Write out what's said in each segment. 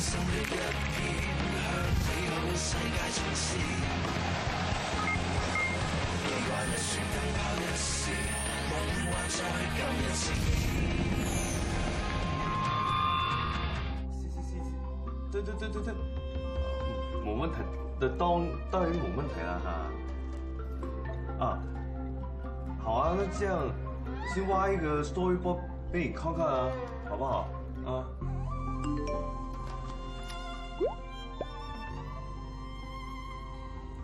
是是是，對對對對對，冇問題。對，當當然冇問題啦。啊，好啊，那這樣先挖一個 storyboard 畀你看看啊，好不好？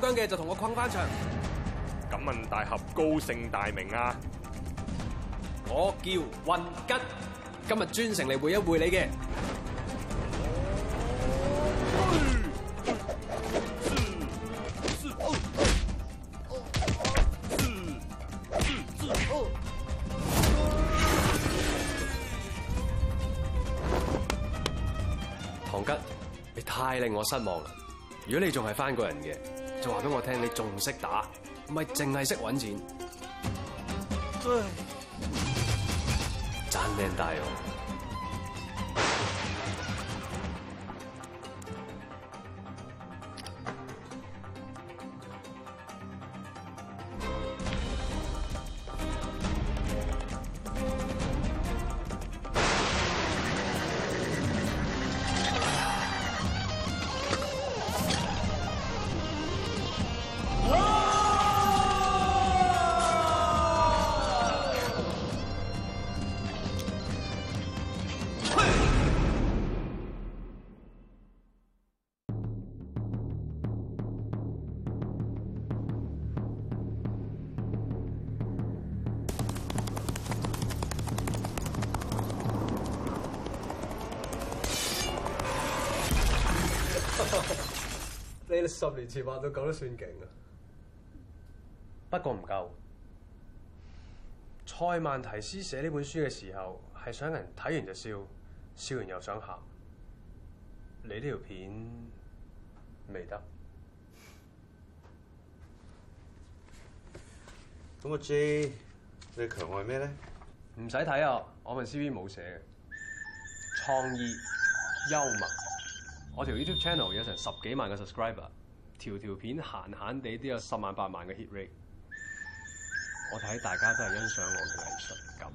薑嘅就同我困翻場。敢問大俠高姓大名啊？我叫運吉，今日專程嚟會一會你嘅。唐吉，你太令我失望啦！如果你仲係番過人嘅。就話俾我聽，你仲識打，唔係淨係識揾錢，真靚！哎、呀大用。十年前話到講都算勁啊，不過唔夠。塞萬提斯寫呢本書嘅時候係想人睇完就笑，笑完又想喊。你呢條片未得。咁個 J 你強係咩咧？唔使睇啊！我份 CV 冇寫嘅創意幽默，我條 YouTube channel 有成十幾萬嘅 subscriber。條條片閒閒地都有十萬八萬嘅 hit rate，我睇大家都係欣賞我嘅藝術感。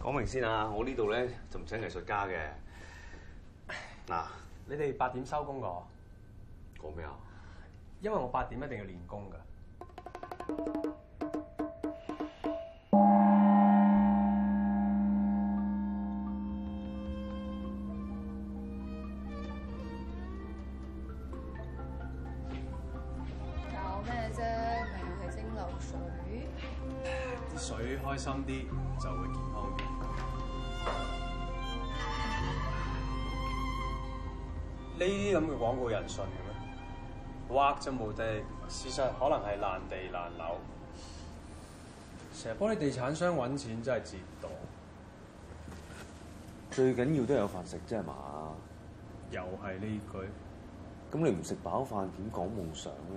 講明先啊，我呢度咧就唔請藝術家嘅。嗱、啊，你哋八點收工㗎。講咩啊？因為我八點一定要練功㗎。呢啲咁嘅廣告人信嘅咩？畫就無敵，事實可能係爛地爛樓，成日幫啲地產商揾錢真係折墮。最緊要都有飯食啫嘛。是又係呢句。咁你唔食飽飯點講夢想咧？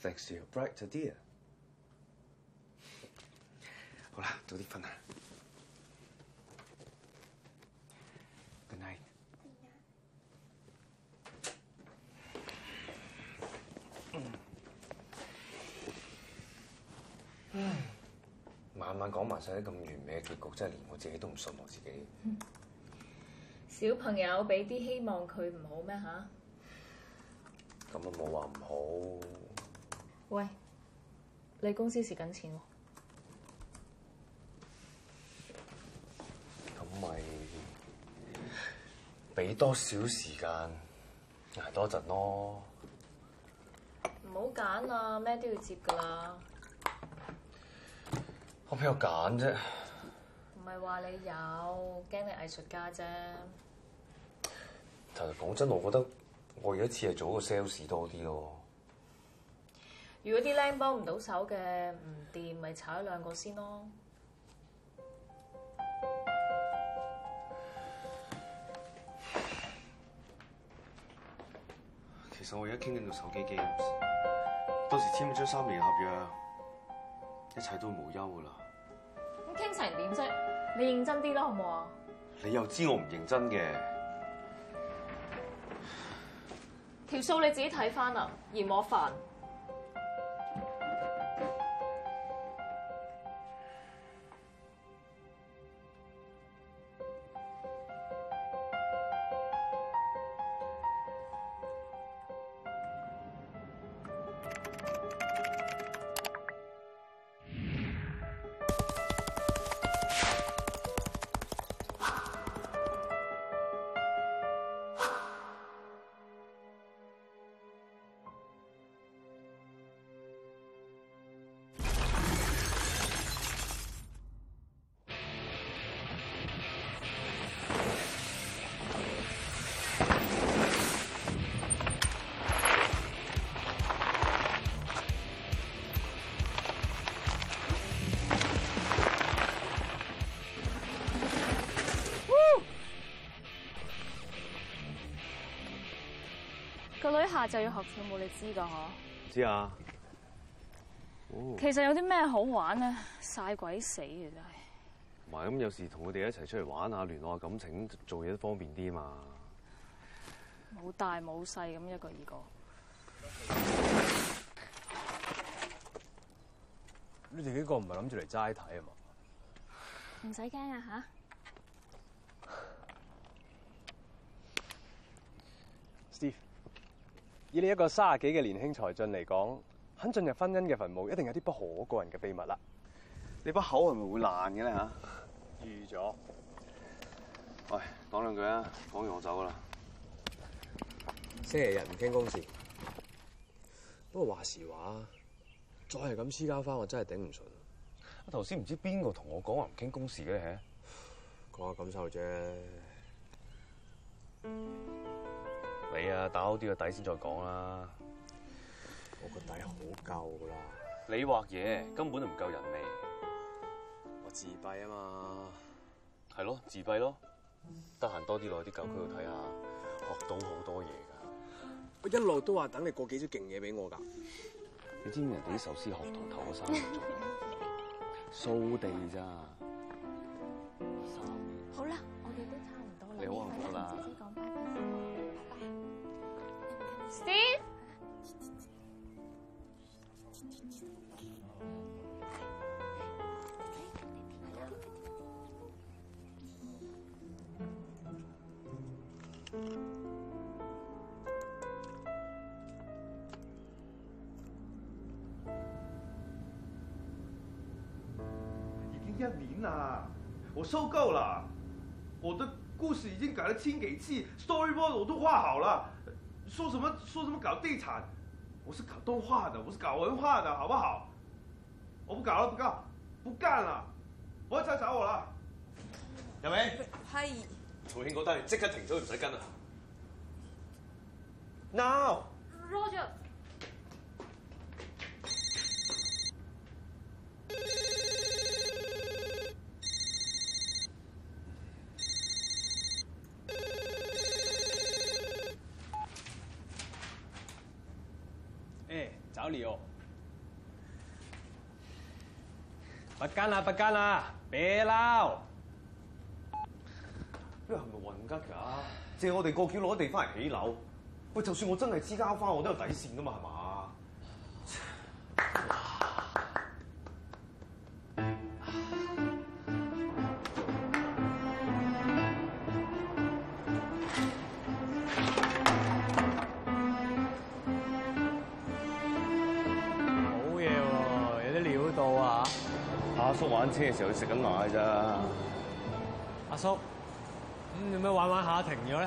Thanks to your bright idea。 好啦，早啲瞓啦。Good night、mm. 嗯。慢慢講埋晒啲咁完美嘅結局，真係連我自己都唔信我自己。Mm. 小朋友俾啲希望佢唔好咩吓？咁都冇話唔好。喂，你公司蝕緊錢喎？咁咪畀多少時間捱多陣咯？唔好揀啊，咩都要接㗎啦！我邊有揀啫？唔係話你有，驚你是藝術家啫。其實講真的，我覺得我而家似係做一個 sales 多啲咯。如果啲僆幫唔到手嘅唔掂，咪炒一兩個先咯。其實我而家傾緊個手機 g ames，到時簽咗三年合約，一切都無憂啦。咁傾成點啫？你認真啲啦，好唔好啊？你又知道我唔認真嘅？條數你自己睇翻啦，嫌我煩。就要學跳舞，你知噶嗬？知啊。哦、其實有啲咩好玩啊？晒鬼死啊！真、哎、係。唔係，咁有時同佢哋一齊出嚟玩下，聯絡下感情，做嘢都方便啲嘛。冇大冇細咁一個二個。你哋幾個唔係諗住嚟齋睇啊嘛？唔使驚啊吓！以你一個卅幾嘅年輕才俊嚟講，肯進入婚姻嘅墳墓，一定有啲不可告人嘅秘密啦。你把口係咪會爛嘅咧？預咗 料。喂，講兩句啊，講完我走㗎啦。星期日唔傾公事。不過話時話，再係咁私家花，我真係頂唔順。啊，頭先唔知邊個同我講話唔傾公事嘅，講下感受啫。 你啊，打好啲個底先再講啦。我個底好夠啦。你畫嘢根本都唔夠人味。我自閉啊嘛。係咯，自閉咯。得閒多啲落去啲舊區度睇下，學到好多嘢噶。我一路都話等你過幾招勁嘢俾我噶。你知唔知人哋啲壽司學堂頭咗三分鐘？掃 地咋。我受夠了，我的故事已經改了清幾次，Storyboard 我都畫好了，說什麼說什麼搞地產，我是搞動畫的，我是搞文化的，好不好？我不搞了，不搞，不幹了，不要再找我了。小梅沒，係是，曹慶哥，你即刻停車，唔使跟啦。Now，Roger。不幹啦、啊，不幹啦、啊，別撈！呢個係咪混吉㗎？借我哋過橋攞地翻嚟起樓。喂，就算我真係資交花我都有底線的嘛，係嘛？阿叔玩車嘅時候吃、啊，佢食緊奶咋？阿叔，咁有咩玩玩下停咗咧？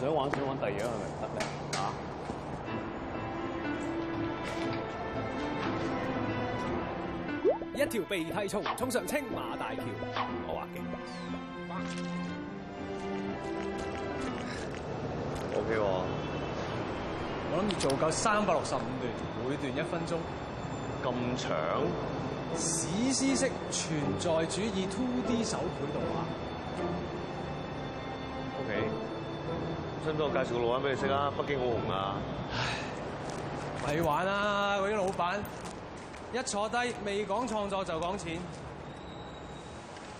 想玩想玩第二樣係咪？得咩？啊？嗯、一條鼻涕蟲衝上青馬大橋。我話嘅。OK、啊、我諗要做夠三百六十五段，每段一分鐘。咁長，史詩式存在主義 2D 手繪動畫，OK，想唔想我介紹個老闆俾你識啊？北京好紅啊！咪玩啦！嗰啲老闆一坐低未講創作就講錢，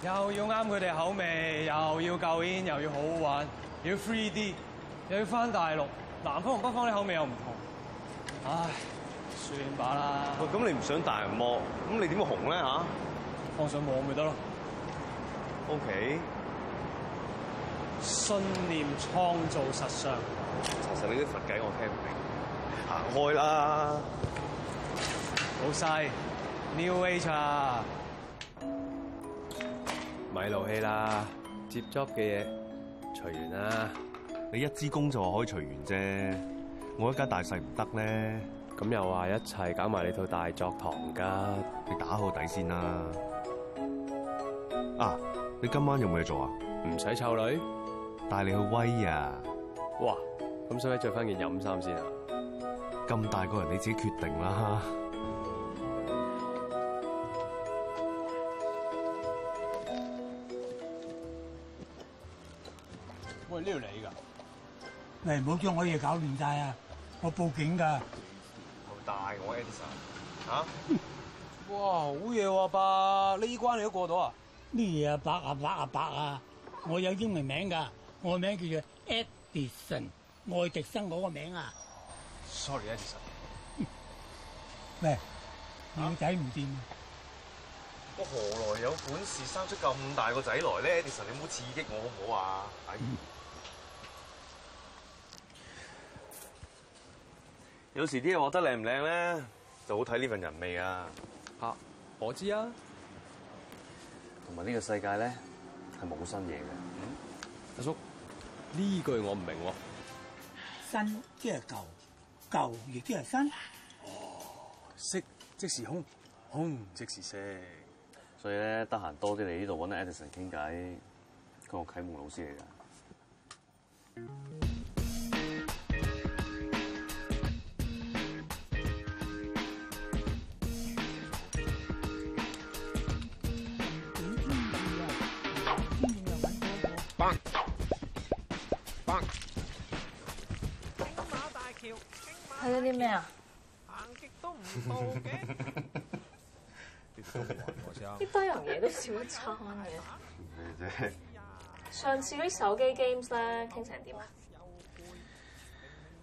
又要啱佢哋口味，又要夠癮，又要好好玩，要 3D，又要返大陸，南方同北方啲口味又唔同，唉。算把啦。喂，咁你唔上大銀幕，咁你點會紅咧吓？放上網咪得咯。OK。信念創造實相。其實你啲佛偈我聽唔明。行開啦。老細，New Age 啊！咪勞氣啦！接觸嘅嘢隨緣啦。你一支公就話可以隨緣啫。我一家大細唔得咧。咁又話一齊搞埋呢套大作堂噶，你打好底先啦。啊，你今晚有冇嘢做啊？唔使湊女，帶你去威呀，啊！哇，咁使唔使着翻件飲衫先啊？咁大個人你自己決定啦。喂，呢撩你噶，你唔好叫我嘢搞亂晒啊！我報警噶。大我、啊、Edison，、啊、 哇，好嘢喎、啊，伯呢關你都過到啊？咩啊？伯阿、啊、伯阿、啊伯，啊、伯啊？我有英文名噶，我個名叫做 Edison，愛迪生嗰個名啊。Sorry，Edison，咩？仔唔掂？我、啊、何來有本事生出咁大個仔來咧？Edison，你唔好刺激我好唔好啊？哎 有時啲嘢畫得靚唔靚咧，就好睇呢份人味啊！嚇、啊，我知道啊。同埋呢個世界咧，係冇新嘢嘅、嗯。阿叔，呢句我唔明喎、啊。新即係舊，舊亦即係新。哦，色即係空，空即係色。所以咧，得閒多啲嚟呢度搵阿 Edison 傾偈，佢係啟蒙老師嚟㗎。係嗰啲咩啊？啲堆 人嘢都少一餐嘅。麼上次啲手機 games 咧，傾成點啊？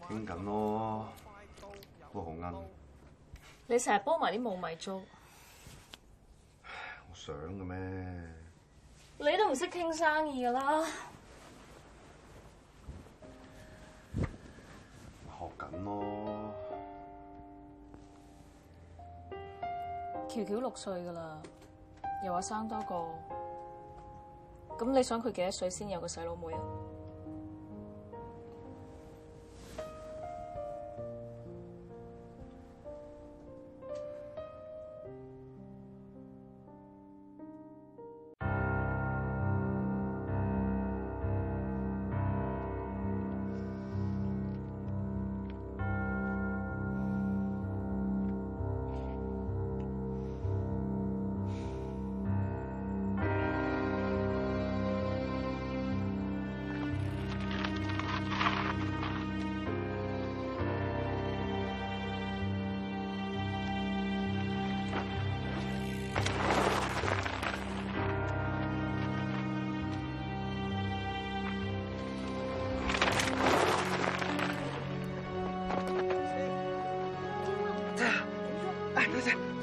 傾緊咯，都好啱。你成日煲埋啲冇米粥。我想嘅咩？你都唔識傾生意㗎啦。咁咯，喬喬六歲噶啦，又話生多個，咁你想佢幾多歲先有個細佬妹啊？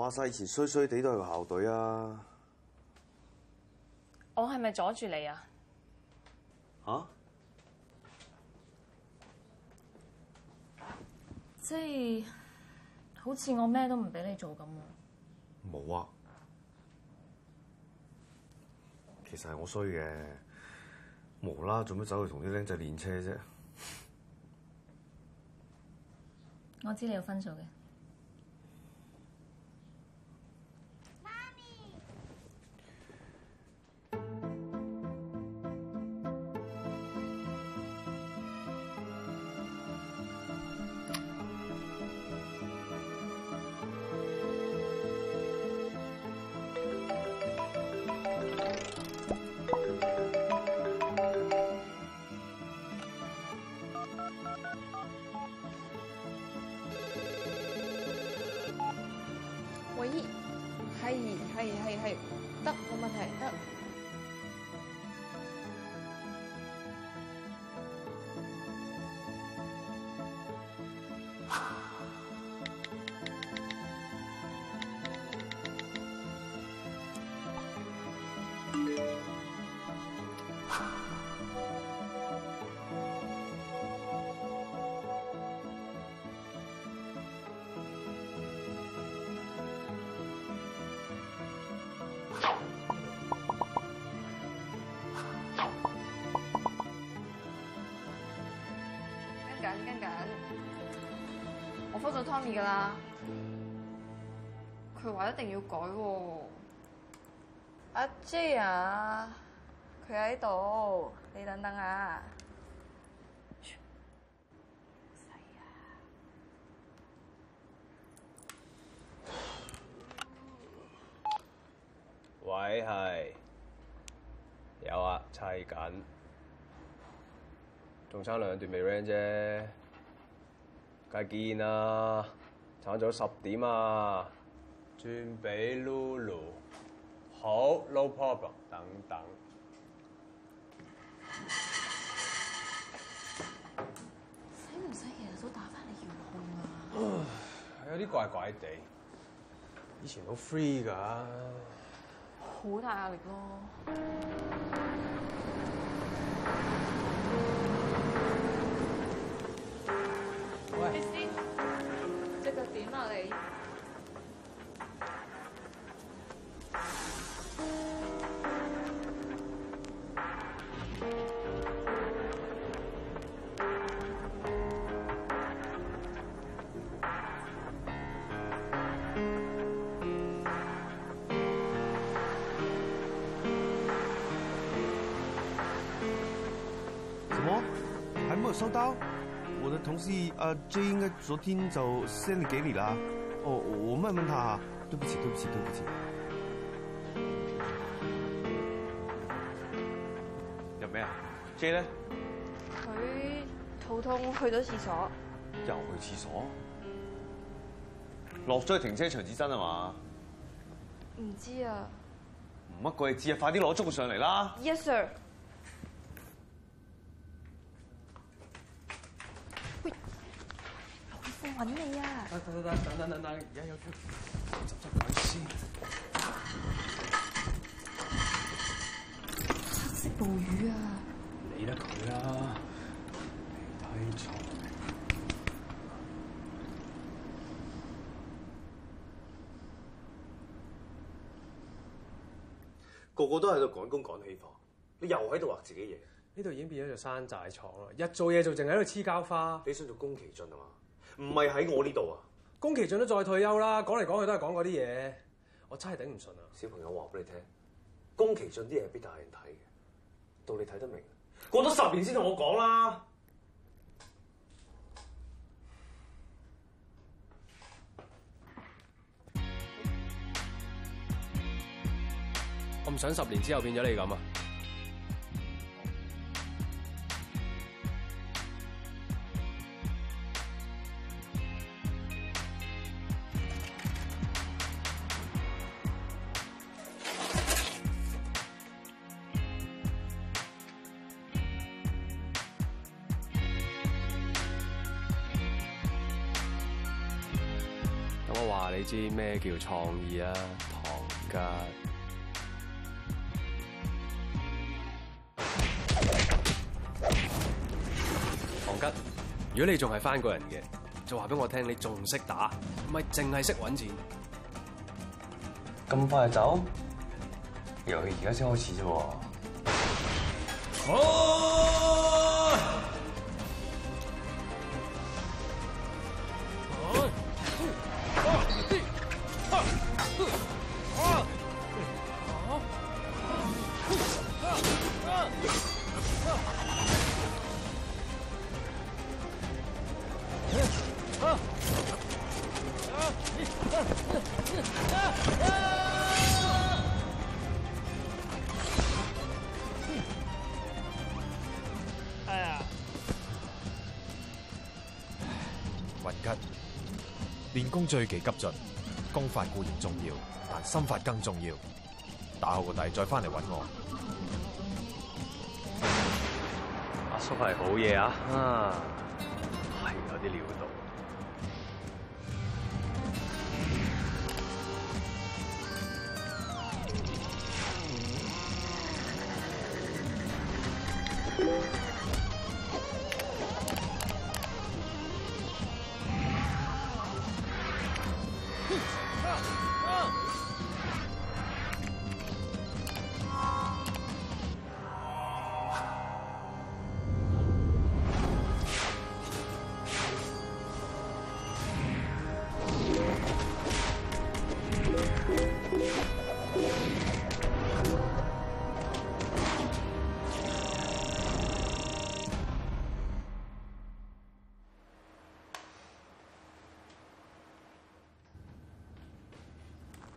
話晒以前衰衰地都係個校隊啊！我係咪阻住你啊？吓、啊？即係好似我咩都唔俾你做咁啊？冇啊！其實係我衰嘅，無啦啦做咩走去同啲僆仔練車啫？我知你有分數嘅。我覆咗 Tommy 噶啦，佢話一定要改喎、啊。阿 J 啊，佢喺度，你等等啊。喂係，有啊，砌緊，仲差兩段未 ran i 啫。再見啊！殘咗十點啊！轉俾 Lulu，好 No problem。等等，使唔使日都打翻嚟遙控啊？唉，有啲怪怪地，以前好 free 㗎，好大壓力咯、啊。怎麼，還沒有收到？同事啊，J 應該昨天就 send 俾你啦。哦，我問問他吓，對不起，對不起，對不起。不起入咩啊？J 咧？佢肚痛，去咗廁所。又去廁所？落咗、嗯、去停車場至真係嘛？唔知道啊。唔乜鬼知啊！快啲攞粥上嚟啦。Yes, sir. 我揾你啊！等等等等。得得得，而家要急急趕先。黑色暴雨啊！理得佢啦，批廠個個都喺度趕工趕起房，你又喺度畫自己嘢？呢度已經變咗座山寨廠啦！日做嘢就淨喺度黐膠花。你想做宮崎駿啊嘛？唔係喺我呢度啊！宮崎駿都再退休啦，講嚟講去都係講嗰啲嘢，我真係頂唔順啊！小朋友話俾你聽，宮崎駿啲嘢係俾大人睇嘅，道理睇得明。過咗十年先同我講啦！我唔想十年之後變咗你咁啊！知咩叫創意啊，唐吉！唐吉，如果你仲係翻個人嘅，就話俾我聽，你仲識打，唔係淨係識揾錢。咁快就走？遊戲而家先開始啫喎，啊！啊啊啊追技急進，功法固然重要，但心法更重要。打好個底，再翻嚟揾我。阿叔係好嘢啊！啊，係有啲料到。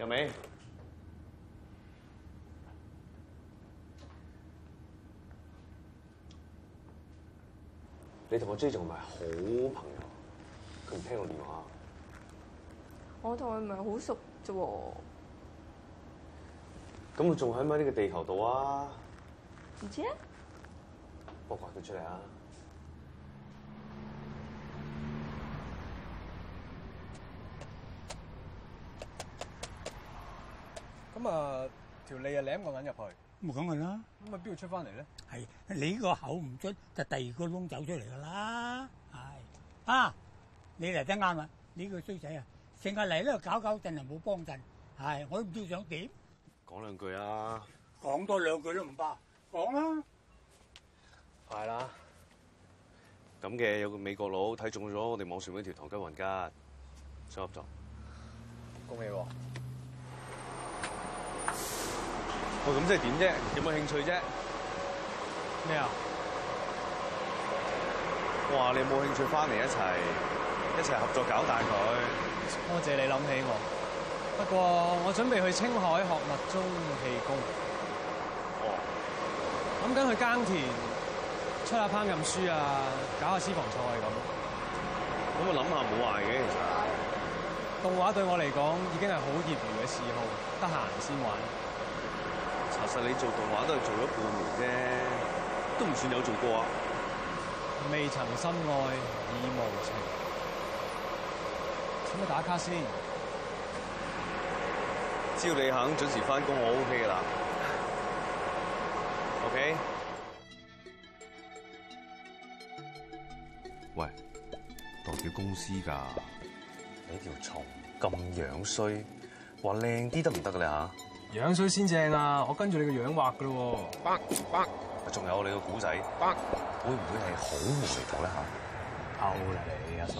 阿妹，你同我朱總唔係好朋友，佢唔聽我電話。我同佢唔係好熟啫喎。咁佢仲喺唔喺呢個地球度啊？唔知啊，我掘佢出嚟啊！咁、嗯、啊，條脷啊，舐個眼入去，冇咁嘅啦。咁啊，邊度出翻嚟咧？係你呢個口唔出，就第二個窿走出嚟噶啦。係啊，你嚟得啱啊，你呢個衰仔啊，成日嚟呢度搞搞震又冇幫陣，係我都唔知想點。講兩句啊！講多兩句都唔怕，講啦、啊。係啦、啊，咁嘅有個美國佬睇中咗我哋網上嗰條唐吉云家，想合作。恭喜喎、啊！喂咁、哦、即係點啫？有冇興趣啫？咩啊麼？哇！你冇興趣翻嚟一齊，一齊合作搞大佢？多謝，謝你諗起我。不過我準備去青海學密宗氣功。哦哇。諗緊去耕田，出下烹飪書啊，搞下私房菜咁。咁我諗下冇壞嘅，其實。動畫對我嚟講已經係好熱門嘅嗜好，得閒先玩。其實你做動畫都係做咗半年啫，都唔算有做過啊。未曾深愛已無情，請你打卡先，只要你肯準時翻工，我 OK 啦。OK？喂，代表公司噶，你條蟲咁樣衰，話靚啲得唔得噶咧嚇？樣衰先正啊！我跟住你個樣畫噶咯，百百，仲有你個古仔，百， 會唔會係好無厘頭咧吓？歐啦你阿叔，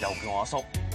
又叫我阿叔，叔。